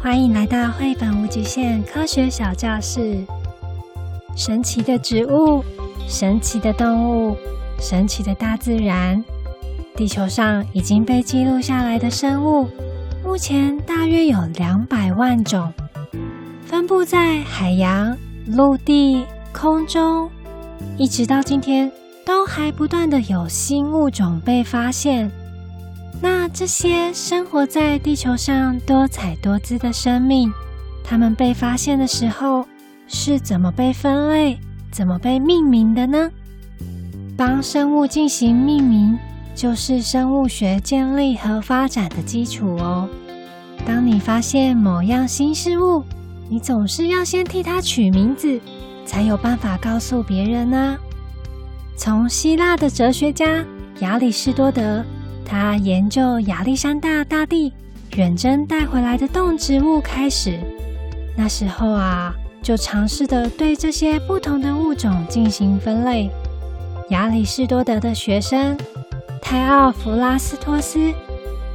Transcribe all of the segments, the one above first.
歡迎來到繪本無極限科學小教室。神奇的植物，神奇的動物，神奇的大自然。地球上已經被記錄下來的生物，目前大約有兩百萬種，分布在海洋、陸地、空中，一直到今天，都還不斷的有新物種被發現。那這些生活在地球上多彩多姿的生命，它們被發現的時候是怎麼被分類、怎麼被命名的呢？幫生物進行命名，就是生物學建立和發展的基礎哦。當你發現某樣新事物，你總是要先替它取名字，才有辦法告訴別人呢、啊。從希臘的哲學家亞里士多德。他研究亞歷山大大帝遠征帶回來的動植物開始，那時候啊，就嘗試著對這些不同的物種進行分類。亞里士多德的學生泰奧弗拉斯托斯，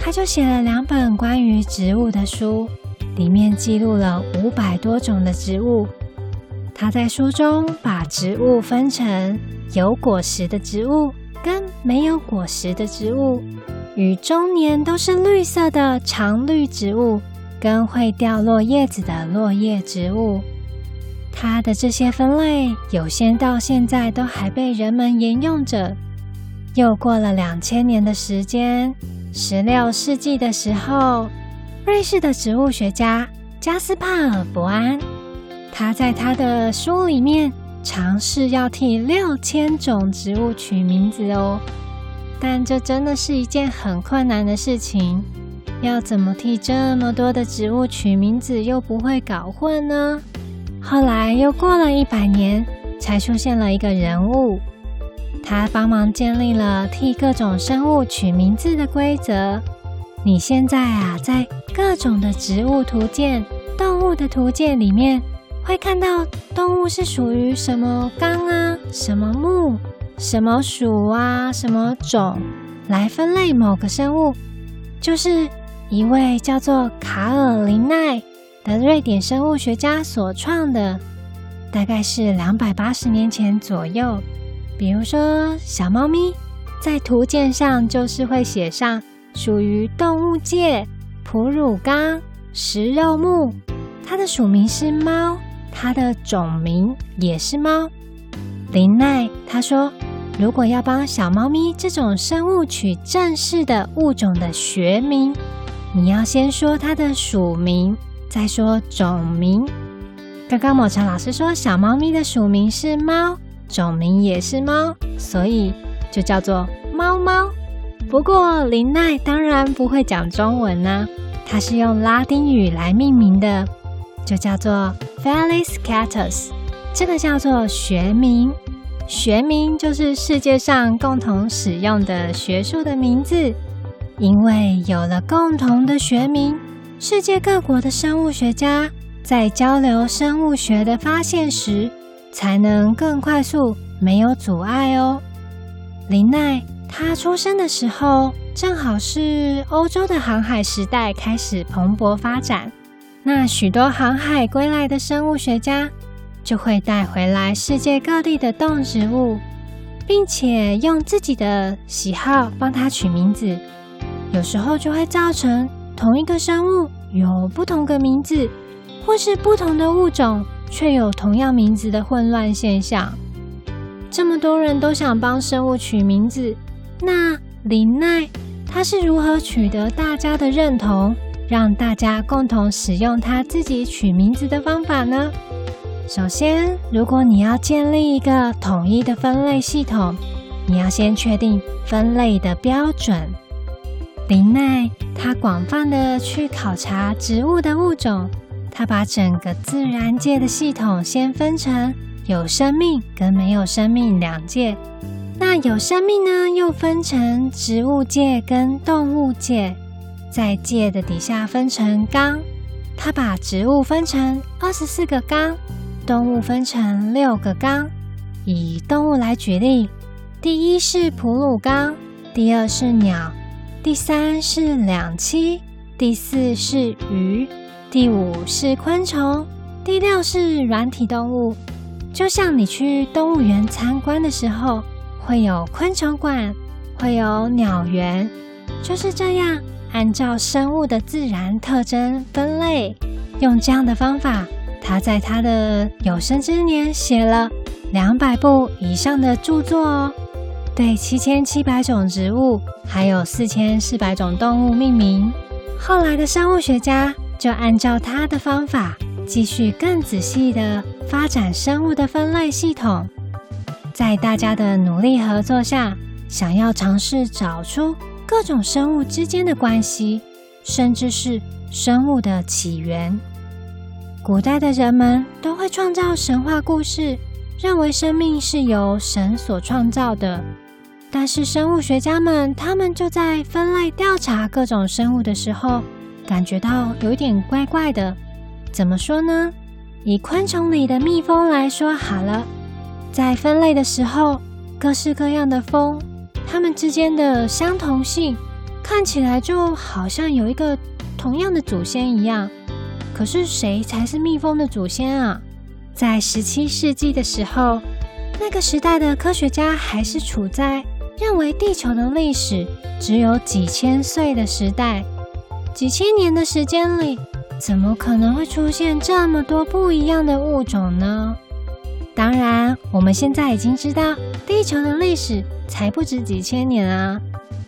他就寫了兩本關於植物的書，裡面記錄了五百多種的植物。他在書中把植物分成有果實的植物。跟沒有果實的植物，與終年都是綠色的常綠植物，跟會掉落葉子的落葉植物，它的這些分類，有些到現在都還被人們沿用着。又過了兩千年的時間，十六世紀的時候，瑞士的植物學家加斯帕爾·博安，他在他的書裡面。嘗試要替六千種植物取名字哦，但這真的是一件很困難的事情。要怎麼替這麼多的植物取名字又不會搞混呢？後來又過了一百年，才出現了一個人物，他幫忙建立了替各種生物取名字的規則。你現在啊，在各種的植物圖鑑、動物的圖鑑裡面。會看到動物是屬於什麼綱啊，什麼目，什麼屬啊，什麼種來分類某個生物，就是一位叫做卡爾林奈的瑞典生物學家所創的，大概是兩百八十年前左右。比如說小貓咪，在圖鑑上就是會寫上屬於動物界哺乳綱食肉目，它的屬名是貓。它的種名也是貓。林奈他說：“如果要幫小貓咪這種生物取正式的物種的學名，你要先說它的屬名，再說種名。剛剛抹茶老師說小貓咪的屬名是貓，種名也是貓，所以就叫做貓貓。不過林奈當然不會講中文呢、啊，他是用拉丁語來命名的，就叫做。” Felis catus，這個叫做學名。學名就是世界上共同使用的學術的名字。因為有了共同的學名，世界各國的生物學家在交流生物學的發現時，才能更快速、沒有阻礙哦。林奈，他出生的時候，正好是歐洲的航海時代開始蓬勃發展。那許多航海歸來的生物學家就會帶回來世界各地的動植物，並且用自己的喜好幫它取名字。有時候就會造成同一個生物有不同的名字，或是不同的物種卻有同樣名字的混亂現象。這麼多人都想幫生物取名字，那林奈他是如何取得大家的認同？讓大家共同使用他自己取名字的方法呢？首先，如果你要建立一個統一的分類系統，你要先確定分類的標準。林奈他廣泛的去考察植物的物種，他把整個自然界的系統先分成有生命跟沒有生命兩界。那有生命呢，又分成植物界跟動物界。在界的底下分成綱，他把植物分成二十四個綱，動物分成六個綱。以動物來舉例，第一是哺乳綱，第二是鳥，第三是兩棲，第四是魚，第五是昆蟲，第六是軟體動物。就像你去動物園參觀的時候，會有昆蟲館，會有鳥園，就是這樣。按照生物的自然特徵分類，用這樣的方法，他在他的有生之年寫了兩百部以上的著作哦，對七千七百種植物，還有四千四百種動物命名。後來的生物學家就按照他的方法，繼續更仔細的發展生物的分類系統。在大家的努力合作下，想要嘗試找出。各種生物之間的關係，甚至是生物的起源，古代的人們都會創造神話故事，認為生命是由神所創造的。但是生物學家們，他們就在分類調查各種生物的時候，感覺到有點怪怪的。怎麼說呢？以昆蟲裡的蜜蜂來說好了，在分類的時候，各式各樣的蜂。它們之間的相同性看起來就好像有一個同樣的祖先一樣，可是誰才是蜜蜂的祖先啊？在十七世紀的時候，那個時代的科學家還是處在認為地球的歷史只有幾千歲的時代。幾千年的時間裡，怎麼可能會出現這麼多不一樣的物種呢？當然，我們現在已經知道地球的歷史才不止幾千年了啊。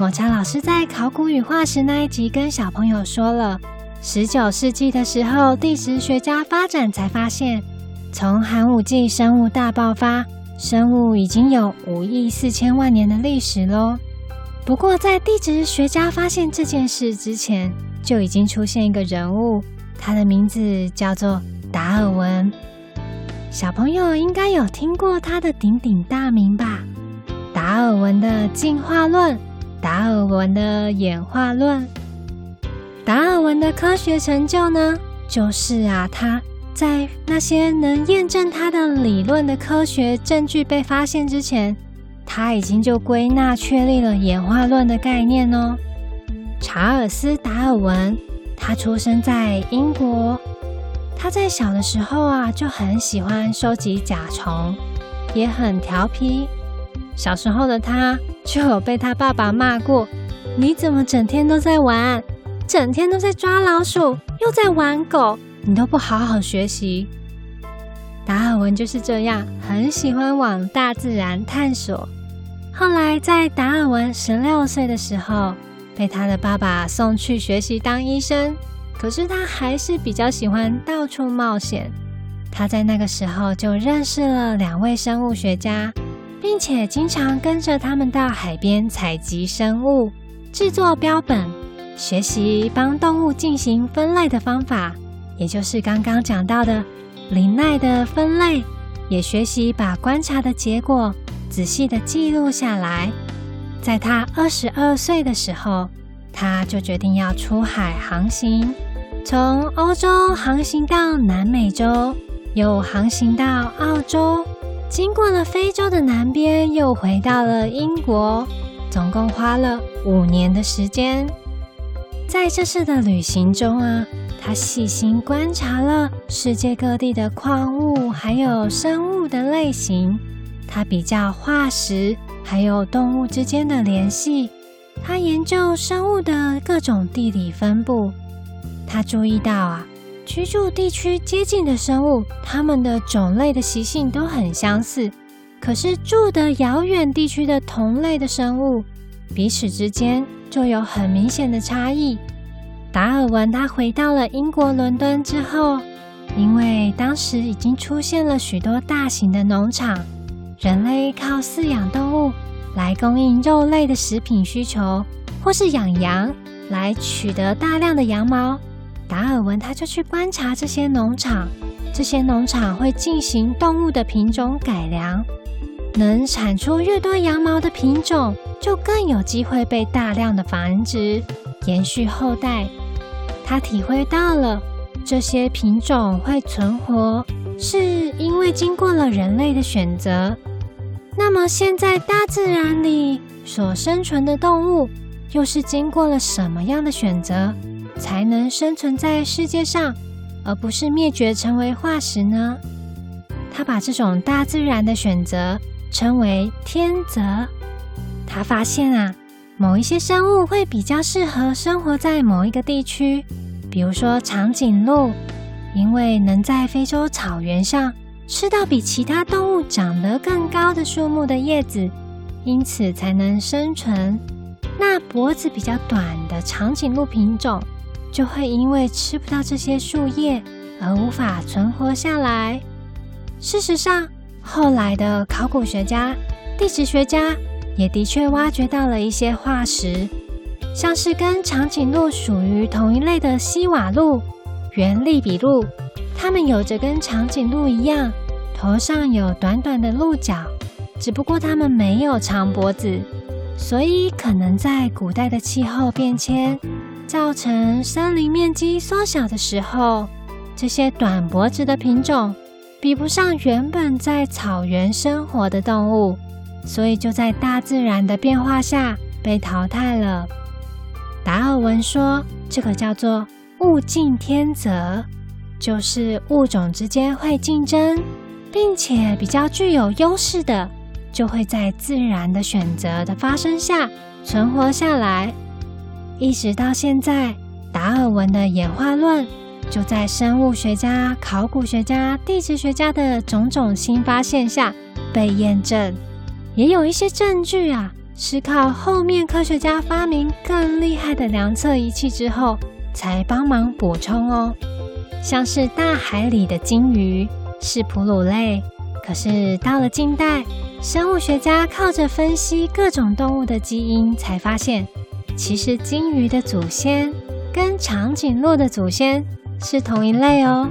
抹茶老師在考古與化石那一集跟小朋友說了，十九世紀的時候，地質學家發展才發現，從寒武紀生物大爆發，生物已經有五億四千萬年的歷史嘍。不過，在地質學家發現這件事之前，就已經出現一個人物，他的名字叫做達爾文。小朋友應該有聽過他的鼎鼎大名吧？達爾文的進化論，達爾文的演化論，達爾文的科學成就呢，就是啊，他在那些能驗證他的理論的科學證據被發現之前，他已經就歸納確立了演化論的概念哦。查爾斯·達爾文，他出生在英國。他在小的時候啊，就很喜歡收集甲蟲，也很調皮。小時候的他就有被他爸爸罵過：“你怎麼整天都在玩，整天都在抓老鼠，又在玩狗，你都不好好學習？”達爾文就是這樣，很喜歡往大自然探索。後來在達爾文十六歲的時候，被他的爸爸送去學習當醫生。可是他還是比較喜歡到處冒險。他在那個時候就認識了兩位生物學家，並且經常跟着他們到海邊採集生物、制作標本、學習幫動物進行分類的方法，也就是剛剛講到的林奈的分類。也學習把觀察的結果仔細地記錄下來。在他二十二歲的時候，他就決定要出海航行。從歐洲航行到南美洲，又航行到澳洲，經過了非洲的南邊，又回到了英國，總共花了五年的時間。在這次的旅行中啊，他細心觀察了世界各地的礦物還有生物的類型，他比較化石還有動物之間的聯繫，他研究生物的各種地理分布。他注意到啊，居住地區接近的生物，它們的種類的習性都很相似，可是住的遙遠地區的同類的生物，彼此之間就有很明顯的差異。達爾文他回到了英國倫敦之後，因為當時已經出現了許多大型的農場，人類靠飼養動物來供應肉類的食品需求，或是養羊來取得大量的羊毛。達爾文他就去觀察這些農場，這些農場會進行動物的品種改良，能產出越多羊毛的品種，就更有機會被大量的繁殖，延續後代。他體會到了這些品種會存活，是因為經過了人類的選擇。那麼現在大自然裡所生存的動物，又是經過了什麼樣的選擇，才能生存在世界上，而不是滅絕成為化石呢？他把這種大自然的選擇稱為“天擇”。他發現啊，某一些生物會比較適合生活在某一個地區，比如說長頸鹿，因為能在非洲草原上吃到比其他動物長得更高的樹木的葉子，因此才能生存。那脖子比較短的長頸鹿品種，就會因為吃不到這些樹葉而無法存活下來。事實上，後來的考古學家、地質學家也的確挖掘到了一些化石，像是跟長頸鹿屬於同一類的西瓦鹿、原利比鹿，它們有着跟長頸鹿一樣頭上有短短的鹿角，只不過它們沒有長脖子，所以可能在古代的氣候變遷，造成森林面積縮小的時候，這些短脖子的品種比不上原本在草原生活的動物，所以就在大自然的變化下被淘汰了。達爾文說，這個叫做“物競天擇”，就是物種之間會競爭，並且比較具有優勢的，就會在自然的選擇的發生下存活下來。一直到現在，達爾文的演化論就在生物學家、考古學家、地質學家的種種新發現下被驗證。也有一些證據啊，是靠後面科學家發明更厲害的量測儀器之後才幫忙補充哦。像是大海裡的鯨魚是哺乳類，可是到了近代，生物學家靠着分析各種動物的基因才發現。其實，鯨魚的祖先跟長頸鹿的祖先是同一類哦。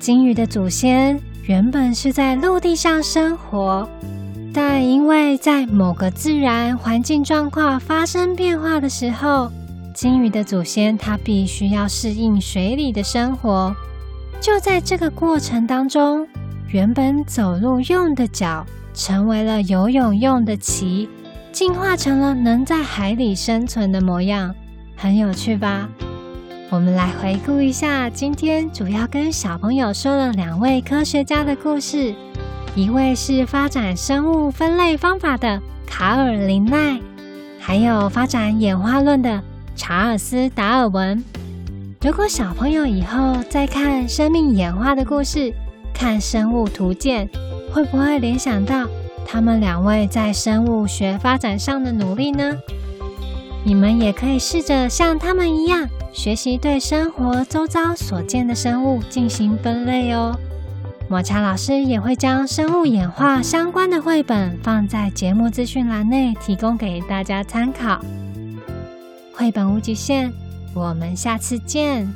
鯨魚的祖先原本是在陸地上生活，但因為在某個自然環境狀況發生變化的時候，鯨魚的祖先它必須要適應水裡的生活。就在這個過程當中，原本走路用的腳成為了游泳用的鰭。進化成了能在海裡生存的模樣，很有趣吧？我們來回顧一下，今天主要跟小朋友說了兩位科學家的故事，一位是發展生物分類方法的卡爾·林奈，還有發展演化論的查爾斯·達爾文。如果小朋友以後再看生命演化的故事，看生物圖鑑，會不會聯想到？他們兩位在生物學發展上的努力呢？你們也可以試着像他們一樣，學習對生活周遭所見的生物進行分類哦。抹茶老師也會將生物演化相關的繪本放在節目資訊欄內，提供給大家參考。繪本無極限，我們下次見。